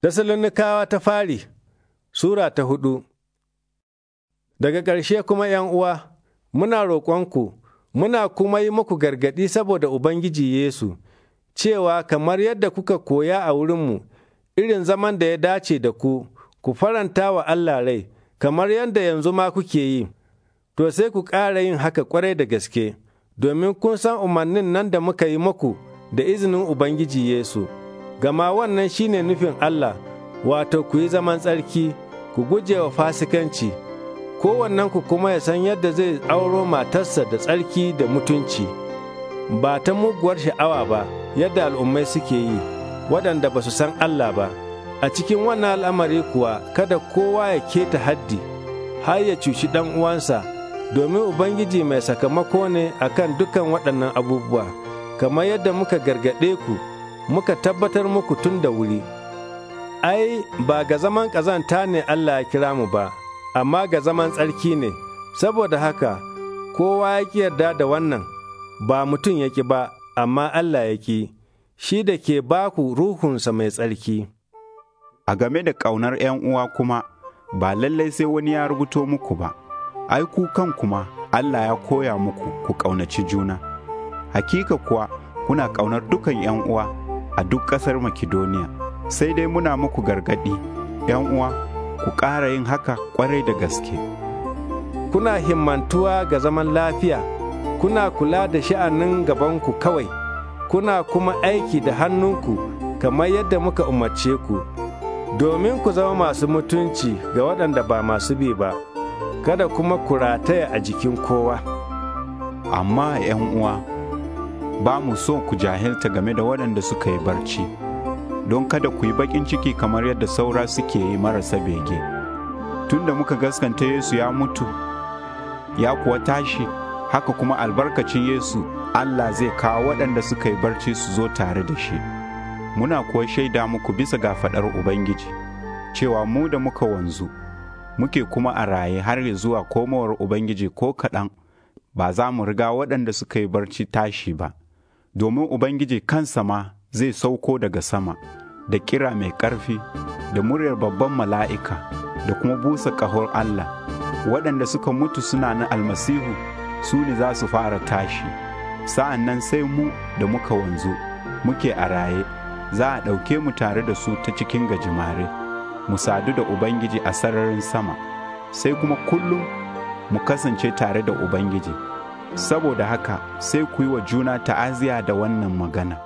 Tessalonikawa ta fari Sura ta hudu Daga ƙarshe kuma ’yan uwa, muna roƙonku, muna kuma yi muku gargaɗi saboda Ubangiji Yesu, cewa kamar yadda kuka koya a wurinmu, irin zaman da ya dace da ku, ku faranta wa Allah rai, kamar yadda yanzu ma kuke yi, to sai ku ƙara yin haka ƙwarai da gaske, domin kun san umarnin nan da muka yi muku da izinin Ubangiji Yesu. gama wannan shine nufin Allah, wato ku yi zaman tsarki, ku guje wa fasikanci, ku kuma ya san yadda zai auro matarsa da tsarki da mutunci, ba ta muguwar sha'awa ba, yadda al'ummai suke yi, waɗanda ba su san Allah ba. A cikin wannan al'amari kuwa kada kowa ya keta haddi, har ya cuci ɗan uwansa, domin Ubangiji mai sakamako ne akan dukan waɗannan abubuwa, kamar yadda muka gargaɗe ku. muka tabbatar muku tun da wuri. Ai, ba ga zaman ƙazanta ne Allah ya kira mu ba, amma ga zaman tsarki ne, saboda haka kowa ya ƙi yarda da wannan, ba mutum ya ƙi ba, amma Allah ya ƙi, shi da ke ba ku ruhunsa mai tsarki. A game da ƙaunar uwa kuma, ba lallai sai wani ya rubuto muku ba, ai ku kan kuma Allah ya koya muku ku ƙaunaci juna. Hakika kuwa, kuna ƙaunar dukan uwa. a duk ƙasar Makedoniya, sai dai muna muku gargaɗi, uwa, ku ƙara yin haka ƙwarai da gaske. Kuna himmantuwa ga zaman lafiya, kuna kula da sha'anin gabanku kawai, kuna kuma aiki da hannunku kamar yadda muka umarce ku, domin ku zama masu mutunci ga waɗanda ba masu bi ba, kada kuma ku rataya a jikin kowa. Amma uwa. ba mu so ku jahilta game da waɗanda suka yi barci, don kada ku yi baƙin ciki kamar yadda saura suke yi marasa bege. Tunda muka gaskanta Yesu ya mutu, ya kuwa tashi, haka kuma albarkacin Yesu Allah zai kawo waɗanda suka yi barci su zo tare da shi. Muna kuwa shaida muku bisa ga faɗar Ubangiji, cewa mu da muka wanzu. muke kuma a raye har ya zuwa komowar Ubangiji ko kaɗan, ba za mu riga waɗanda suka yi barci tashi ba. domin Ubangiji kan sama zai sauko daga sama, da kira mai ƙarfi, da muryar babban mala'ika, da kuma busa ƙahon Allah, waɗanda suka mutu suna na almasihu su ne za su fara tashi, sa'an nan sai mu da muka wanzu, muke a raye, za a ɗauke mu tare da su ta cikin gajimare, mu sadu da Ubangiji a sararin sama, sai kuma kullum mu kasance tare da Ubangiji. saboda haka sai ku yi wa juna ta'aziya da wannan magana